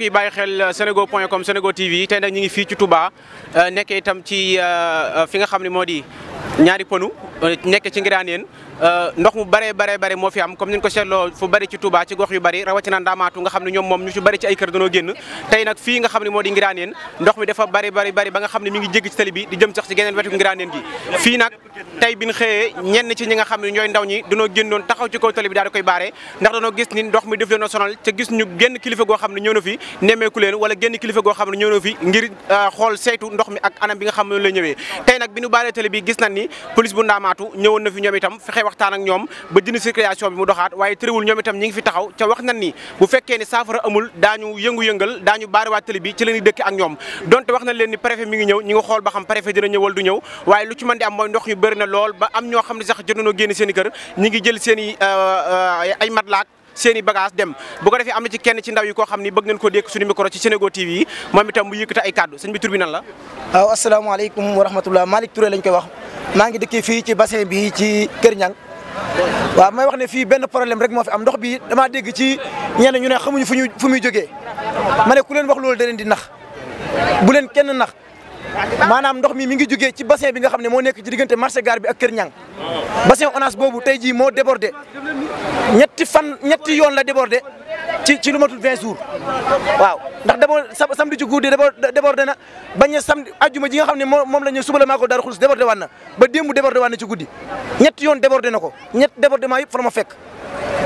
mbokk yi bàyyi xel euh, senego point comme senego tv tey nag ñu ngi fii ci Touba euh, nekk itam ci euh, fi nga xam ni moo di ñaari pënu euh, nekk ci ngiraan yéen euh, ndox mu bare bare bare moo fi am comme niñ ko seetloo fu bari ci Touba ci gox yu bari rawatina ndaamaatu nga xam ne ñoom moom ñu ci bari ci ay kër danoo génn tey nag fii nga xam ne moo di ngiraan yéen ndox mi dafa bari bari ba nga xam ne mi ngi jégg ci tali bi di jëm sax ci geneen wetu ngiraan yéen gi ci ñi nga xam ne ñooy ndaw ñi danoo noon taxaw ci kaw tali bi daal koy baare ndax danoo gis ni ndox mi def leen sonal te gis ñu genn kilifa goo xam ne ñëw na fi leen wala genn kilifa goo xam ne ñëw na fi ngir euh, xool ak anam bi nga xam ne la ñëwee tey nag bi ñu baaree bi gis nañ ni police bu ndaamaatu ñëwoon na fi ñoom itam fexe waxtaan ak ñoom ba dindi circulation bi mu doxaat waaye tëréwul ñoom itam ñi ngi fi taxaw ca wax nañ ni bu fekkee ni saafara amul daañu yëngu-yëngal daañu baariwaat tëli bi ci leen di dëkk ak ñoom donte wax nañ leen ni préfet mi ngi ñëw ñi ngi xool ba xam préfet dina ñëw wala du ñëw waaye lu ci mën di am mooy ndox yu bëri na lool ba am ñoo xam ne sax jotoonoo génn seen i kër ñi ngi jël seeni i euh, euh, ay matlaak seen i bagage dem bu ko defee am na ci kenn ci ndaw yi koo xam ni bëgg nañ koo dékk suñu micro ci Senego TV yi moom itam mu yëkkati ay kàddu sëñ bi tur nan la waaw asalaamaaleykum wa rahmatullah Malick Touré lañ koy wax maa ngi dëkkee fii ci bassin bi ci Kër Ñang waaw may wax ne fii benn problème rek moo fi am ndox bi damaa dégg ci ñenn ñu ne xamuñu fu ñu fu muy jógee ma ne ku leen wax loolu da leen di nax bu leen kenn nax maanaam ndox mi mi ngi jógee ci bassin bi nga xam ne moo nekk ci diggante marché gare bi ak Kër Ñang tey jii moo débordé ñetti fan ñetti yoon la débordé ci ci lu matul 20 jours waaw ndax d'abord samedi ci guddi débordé na bañ a samedi ajjuma ji nga xam ne moom la ñu suba la maa ko daaru xulus débordé waan na ba démb débordé waan na ci guddi ñetti yoon débordé na ko ñett débordement yëpp fa la ma fekk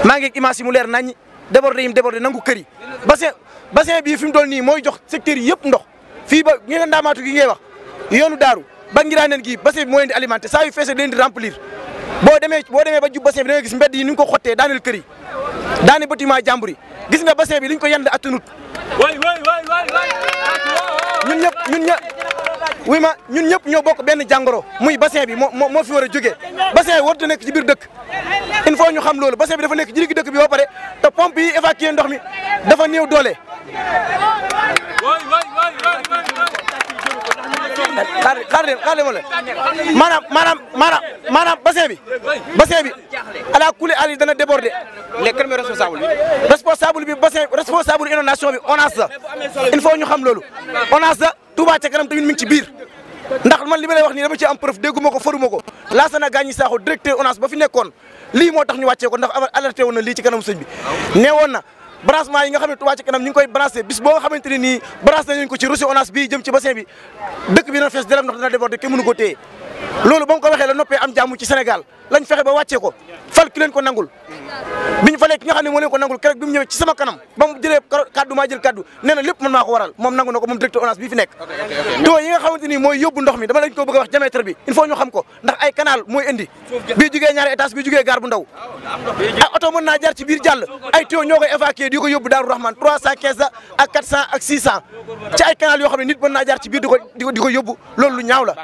maa ngi image yi mu leer nañ débordé yim débordé nangu kër yi bassin bassin bii fi mu dool nii mooy jox secteur yi ndox fii ba ñu nga ndaamaatu gi ngay wax yoonu daaru ba ngiraaneen gi bassin bi moo leen boo demee boo demee ba jub bassin bi da nga gis mbedd yi ko ñu ko xottee daaneel kër yi daane bâtiment jàmbur gis nga bassin bi li ñu ko yand attanut ñun ñëpp ñun ñëpp oui ma ñun ñëpp ñoo bokk benn jàngoro muy bassin bi moo moo fi war a jógee bassin warut a nekk ci biir dëkk il faut ñu xam loolu bassin bi dafa nekk jirigi dëkk bi ba pare te pompe yi évacuer ndox mi dafa néew doole xaar xaar leen xaar leen wala maanaam maanaam maanaam maanaam bassin bi bassin bi ala kulli ali dana déborder les kan mooy responsable bi responsable bi bassin responsable inondation bi ONAS la il xam loolu ONAS la Touba ca kanam tamit biir ndax man li ma lay wax nii dama ci am preuve dégguma ko faruma ko Laasana Gagny Sakho directeur ONAS ba fi nekkoon lii moo tax ñu wàccee ko ndax alerté woon na lii ci kanam sëñ bi nee woon na branchement yi nga xam ne Touba Ca Kanam ñu ngi koy branché bis boo nga xamante ne nii branché nañu ko ci rosi ONAS bii jëm ci bassin bi dëkk bi dana fees deram ndox dana déborder kenn mënu ko téye loolu ba mu ko la noppee am jàmm ci Sénégal lañ fexe ba wàccee ko fal ki leen ko nangul biñu falee ki nga xam ne moo leen ko nangul keroog bi mu ñëwee ci sama kanam ba mu jëlee kaddu maa jël kaddu nee na lépp man maa ko waral moom nangu na ko moom directeur ONAS bii fi nekk to yi nga xamante ni mooy yóbbu ndox mi dama lañ ko bëgg a wax diamètre bi il faut ñu xam ko ndax ay canal mooy indi bii jugee ñaari étage bii jugee gaar bu ndaw ay ah, oto mën naa jaar ci biir jàll ay tuyau ñoo koy évacuer di ko yóbbu Daaru Rahman 315 la ak 400 ak 600 ci ay canal yoo xam ne nit mën naa jaar ci biir di ko di ko yóbbu loolu lu ñaaw la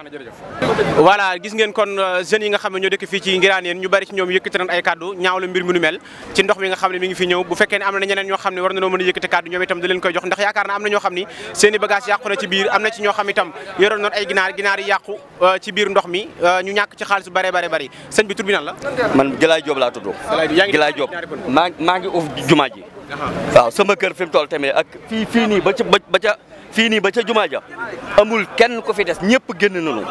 voilà gis ngeen kon euh, jeunes yi nga xam ne ñoo dëkk fii ci Ngiraaneen ñu bari ci ñoom yëkkati nañ ay kaddu ñaaw la mbir mi nu mel ci ndox mi nga xam ne mi ngi fi ñëw bu fekkee ne am na ñeneen ñoo xam ne war na noo mën a ñoom itam da leen koy jox ndax yaakaar na am na ñoo xam ni seen i yàqu na ci biir am na ci ñoo xam itam yoroon ay ginaar yàqu euh, ci biir ndox mi euh, ñu ñàkk ci xaalis bu bare bare bari bi tur la man Gilaay Joob laa tudd Gilaay Joob maa ngi uuf jumaa waaw sama kër fi mu toll tamit ak fii fii nii ba ca ba ca fii nii ba ca jumaa ja amul kenn ku fi des ñëpp génn nañu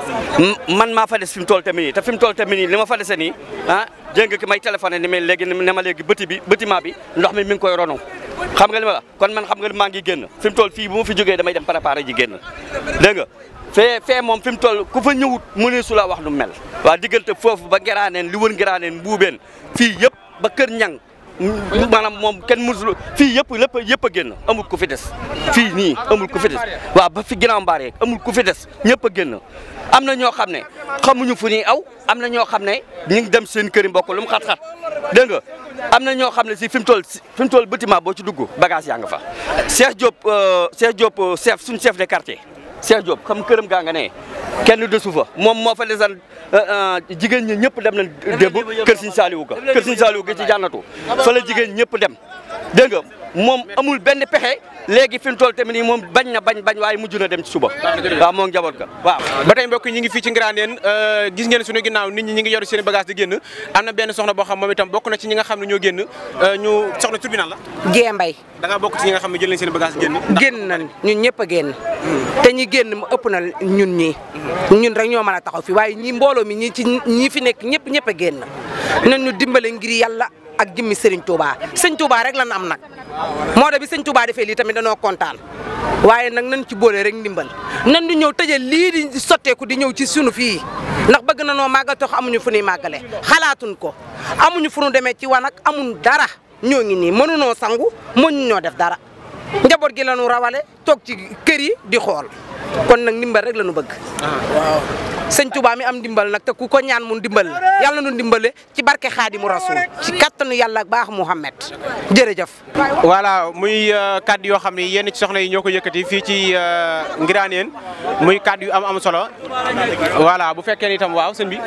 man maa fa des fi mu toll tamit nii te fi mu toll tamit nii li ma fa dese nii ah jëng ki may téléphoné ni ma léegi ne ma léegi bëti bi bëtiment bi ndox mi mi ngi koy ronu xam nga li ma la kon man xam nga maa ngi génn fi mu toll fii bu fi jógee damay dem préparé ji génn dégg nga fee moom fi mu toll ku fa ñëwut mu ne sula wax nu mel waa diggante foofu ba ngeraaneen li wër ngeraaneen mbuubeen fii yëpp ba kër ñang maanaam moom kenn mësul fii yëpp lépp yëpp a génn amul ku fi des fii nii amul ku fi des waaw ba fi ginnaaw mbaar yeeg amul ku fi des ñëpp a génn am na ñoo xam ne xamuñu fu ñuy aw am na ñoo xam ne ñu ngi dem seen këri mbokk lu mu xat-xat dégg nga am na ñoo xam ne si fi mu toll fi mu toll bâtiment boo ci dugg bagage yaa nga fa Cheikh Diop euh, Cheikh Diop euh, chef suñu chef de quartier Cheikh Diop xam këram gaa nga ne kenn desu fa moom moo fa desan euh, euh, jigéen ñi ñëpp dem nañ démb kër ñu saali ga kër Serigne Saliou ga ci jànnatu fa la jigéen ñëpp dem dégg moom amul benn pexe léegi fi mu toll tamit nii moom bañ na bañ bañ waaye mujj na dem ci suba waaw moom njaboot ga waaw ba tey mbokk ñi ngi fii ci Ngiraaneen euh, gis ngeen suñu ginnaaw nit ñi ñi ngi yor seen bagage di génn am na benn soxna boo xam moom itam bokk na ci ñi nga xam ne ñoo génn euh, ñu soxna tur nan la Gée Mbay da bokk ci ñi nga xam ne jël seen bagage génn génn nañ ñun ñëpp a génn te ñi génn mu ëpp na ñun ñii ñun rek ñoo mën a taxaw fi waaye ñi mbooloo mi ñi ci ñi fi nekk ñëpp ñëpp génn nañ ñu dimbale ngir yàlla ak jëmmi Serigne Touba sëñ Touba rek lan am nag moo da bi sëñ Touba defee lii tamit danoo kontaan waaye nag nañ ci boole rek ndimbal nan di ñëw tëjee lii di sotteeku di ñëw ci sunu fii ndax bëgg na noo màggal tax amuñu fu ñuy màggale xalaatuñ ko amuñu fu ñu demee ci wanag amuñ dara ñoo ngi nii mënunoo sangu mënuñoo def dara njaboot gi lañu rawale toog ci kër yi di xool kon nag ndimbal rek lañu bëgg ah, sëñ Touba mi am dimbal nag te ku ko ñaan mun dimbal la mu nu dimbale ci barke Xaadimu Rasuul ci kattanu yàlla baax Muhammad jërëjëf. voilà muy euh, kàddu yoo xam ne yenn ci soxna yi ñoo ko yëkkati fii ci euh, Ngiraaneen muy kàddu yu am am solo voilà bu fekkee ni itam waaw sëñ bi.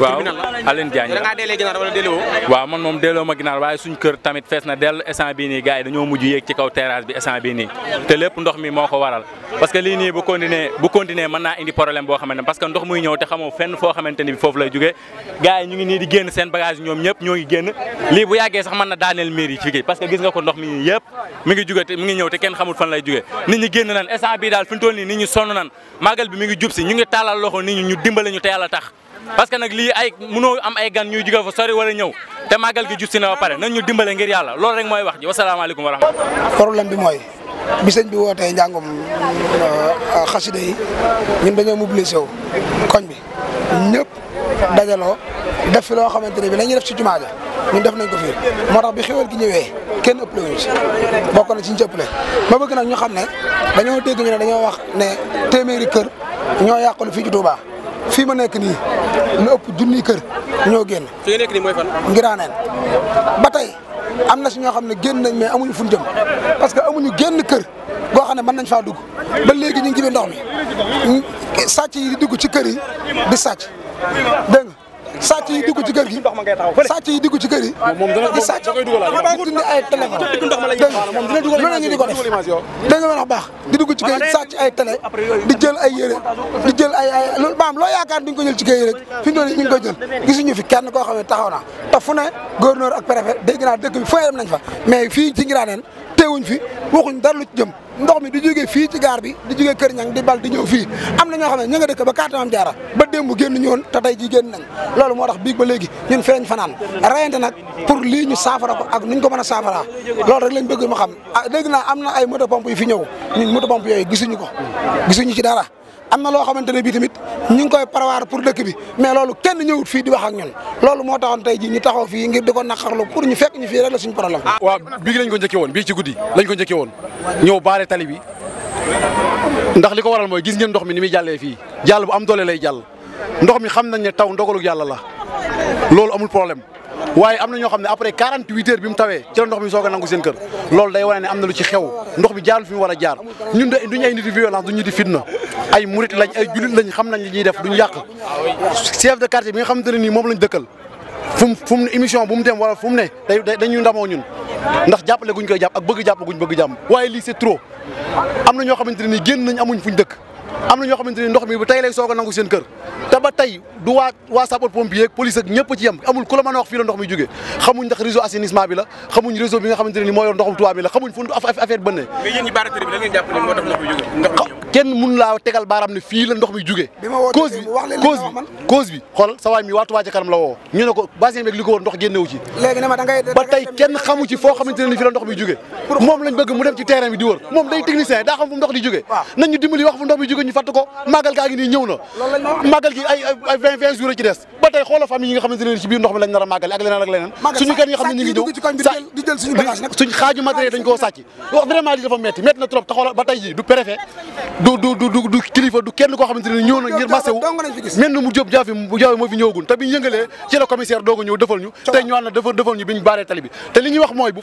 waaw Alioune Diagne da ngaa deelee ginaar wala deelee woo waaw man moom deeloo ma ginaar waaye suñ kër tamit fees na del instant bii nii gars yi dañoo mujj yéeg ci kaw terrasse bi instant bii nii te lépp ndox mi moo ko waral parce que muy ñëw te xamoo fenn foo xamante ni foofu lay jugee gars yi ñu ngi nii di génn seen bagage ñoom ñëpp ñoo ngi génn lii bu yàggee sax mën na daaneel miir yi parce que gis nga ko ndox mi ñi yëpp mi ngi jugee mi ngi sonn nan màggal bi mi ngi jub ñu ngi tàllal loxo nit ñu dimbale ñu te yàlla tax parce que nag lii ay mënoo am ay gan ñuy jóge fa sori wala ñëw te màggal gi jub si na ba pare nañ ñu dimbale ngir yàlla loolu rek mooy wax ji wasalaamaaleykum wa rahmatulah problème bi bi sëñ bi wootee njàngum euh, xasida yi ñun dañoo mobilisé koñ bi ñëpp dajaloo def fi loo xamante ne bi la def si jumaa ja ñun def nañ ko fii moo tax bi xéwal gi ñëwee kenn ëpp wuñu si bokk na ci ñu ci ma bëgg nag ñu xam ne dañoo dégg ñu ne dañoo wax ne téeméeri kër ñoo yàqulu fii ci Touba fii ma nekk nii lu ëpp junniy kër ñoo génn. fi nga am na si ñoo xam ne génn nañ mais amuñu fu ñu jëm parce que amuñu génn kër goo xam ne mën nañ faa dugg ba léegi ñu ngi ndox mi sàcc yi di dugg ci kër yi di sàcc dégg nga sàcc yi dugg ci kër gi sàcc yi dugg ci kër yi. moom dana moom da koy dugalal moom di sàcc ay téléphone. di ko def di dugg ci kër yi sàcc ay télé di jël ay yére di jël ay ay loolu maam loo yaakaar duñ ko jël fi mu ne nii ñu ngi koy jël fi kenn koo xam ne taxaw na te fu ne gouverneur ak préfet dégg naa dëkk bi foo dem nañ fa mais fii ci Ngiraneen liggéeyuñ fi waxuñ dara lu jëm ndox di jógee fii ci bi di jógee Kër Ñang di bal di ñëw fii am na ñoo xam ne ña nga dëkk ba kaatamaam jaara ba démb génn ñoon te tey ji loolu moo tax biig ba léegi ñun feeñ fanaan rayante nag pour lii ñu ko ak nuñ ko mën a saafaraa loolu rek lañ bëgg ma xam ah dégg naa am na ay moto pompe yu fi ñëw ñun moto pompe yooyu gisuñu ko gisuñu ci dara am na loo xamante ne bii tamit ñu ngi koy prévoir pour dëkk bi mais loolu kenn ñëwut fii di wax ak ñun loolu moo taxoon tey ji ñi taxaw fii ngir di ko naqarlu pour ñu fekk ñu fii rek la suñu problème. Ah, waaw bii lañ ko njëkkee woon bii ci guddi lañ ko njëkkee woon ñëw baare tali bi ndax li ko waral mooy gis ngeen ndox mi ni muy jàllee fii jàll bu am doole lay jàll ndox mi xam nañ ne taw ndogalu yàlla la loolu amul problème waaye am na ñoo xam ne après 48 heures bi mu tawee ci la ndox mi soog a nangu seen kër loolu day wane am na lu ci xew ndox bi jaarul fi mu war a jaar ñun de ay nit di violence duñu lañ xam nañ li ñuy def duñu yàq chef de quartier bi nga xamante ne nii moom lañ dëkkal fu émission bu mu dem wala fu mu ne day dañuy ñun ndax jàppale guñ koy jàpp ak bëgg jàpp guñ bëgg jàmm waaye lii c'est trop am na ñoo xamante ne nii génn nañ amuñ fuñ dëkk am na ñoo xamante ni ndox mi bu tey lay soog a nangu seen kër te ba tey du waa waa sapeur pompier ak police ak ñëpp ci yem amul ku la mën a wax fii la ndox mi jógee xamuñ ndax réseau assainissement bi la xamuñ réseau bi nga xamante ne ni moo yor ndoxum Tuubaa bi la xamuñ fu affaire bënne mais yéen ñi baaraatari bi da ngeen jàpp ne moo tax ndox mi jógee kenn mun laa tegal baaraam ne fii la ndox mi jógee cause bi cause bi cause bi xool sa waay mi waa Tuubaa ca kanam la woo ñu ne ko bassin beeg li ko war ndox génnewu ci ba tey kenn xamu ci foo xamante ne ni fii la ndox mi jógee moom lañ bëgg mu dem ci terrain bi di wër moom day technicien daa xam fu ndox di jógee nañu dimbali wax fu ndox mi jógee ñu fàtt gaa ngi nii ñëw na màggal gi ay ay vingt vingt jours ci des ba xoola famille yi nga xamante ne ci biir ndox mi lañ nar a ak leneen ak leneen suñu gan yi xam ne ñëw suñ xaaju matériel dañ koo sàcc wax vraiment lii dafa metti metti na trop te ji du préfet du kilifa du kenn koo xamante ne ñëw na ngir massé wu mel na mu jóob jaafi jaafi moo fi ñëwagun te ci la commissaire dooga ñëw defal ñu tey ñu wax mooy bu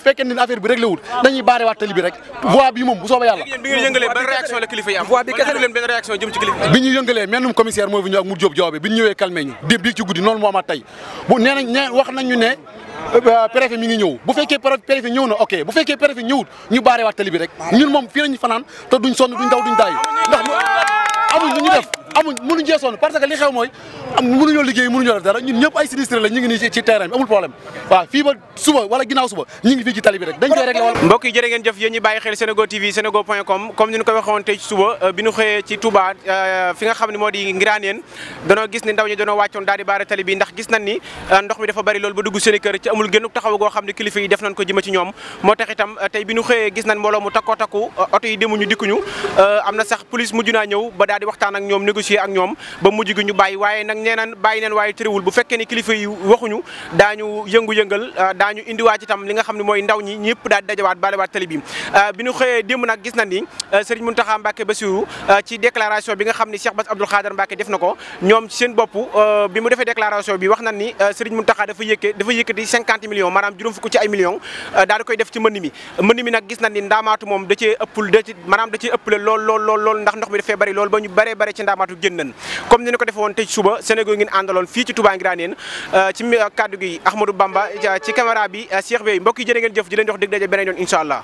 réaction jëm ci bi ñu yëngalee mennum commissaire moo fi ñëw ak mu jóob joobe bi ñu ñëwee calmé ñu bi ci guddi noonu moo ma tey bu nee ne wax ñu ne euh, euh, préfet mi ngi ñëw bu fekkee préfet ñëw na ok bu fekkee préfet ñëwut ñu baaree waat tali rek ñun moom fii lañu fanaan te duñ sonn duñ daw duñ daay ndax amuñ lu ñu def amuñ mënuñ cee sonn parce que li xew mooy mënuñoo liggéey mënuñoo def dara ñun ay sinistré la ñu ngi nii ci terrain bi amul problème waaw fii ba suba wala ginnaaw suba ñu ngi fii ci tali rek dañ koy réglé ngeen jëf yéen ñi bàyyi xel Senego TV senego point comme ni ñu ko waxoon tey suba euh, bi ñu xëyee ci Touba euh, fi nga xam ne moo di ngiraan yéen danoo gis ni ndaw ñi danoo wàccoon daal di baara tali ndax gis nañ ni euh, ndox mi dafa bari loolu ba dugg négocier ak ñoom ba mujj gi ñu bàyyi waaye nag nee bàyyi neen waaye tëriwul bu fekkee ni kilifa yi waxuñu daañu yëngu-yëngal euh, daañu indiwaat itam li nga xam ne mooy ndaw ñi ñëpp daal dajawaat balewaat tali bi euh, bi ñu xëyee démb nag gis nañ ni euh, sëriñ Mountakha Mbacké Bassirou ci déclaration bi nga xam ne Cheikh Bass Abdoul Khader Mbacké def na ko ñoom seen bopp bi mu defee déclaration bi wax nañ ni sëriñ Mountakha dafa yëkkee dafa yëkkati cinquante millions da cee da ci maanaam da cee ëppale lool lool lool lool ndax ndox mi dafee bari kaddu génn nañ comme ni ñu ko defee woon tey suba Sénégal ngeen àndaloon fii ci Touba Ngirane euh, ci kaddu gi Ahmadou Bamba ci caméra bi euh, Cheikh Bey mbokk yi jërë ngeen jëf di leen jox dig daje beneen yoon incha allah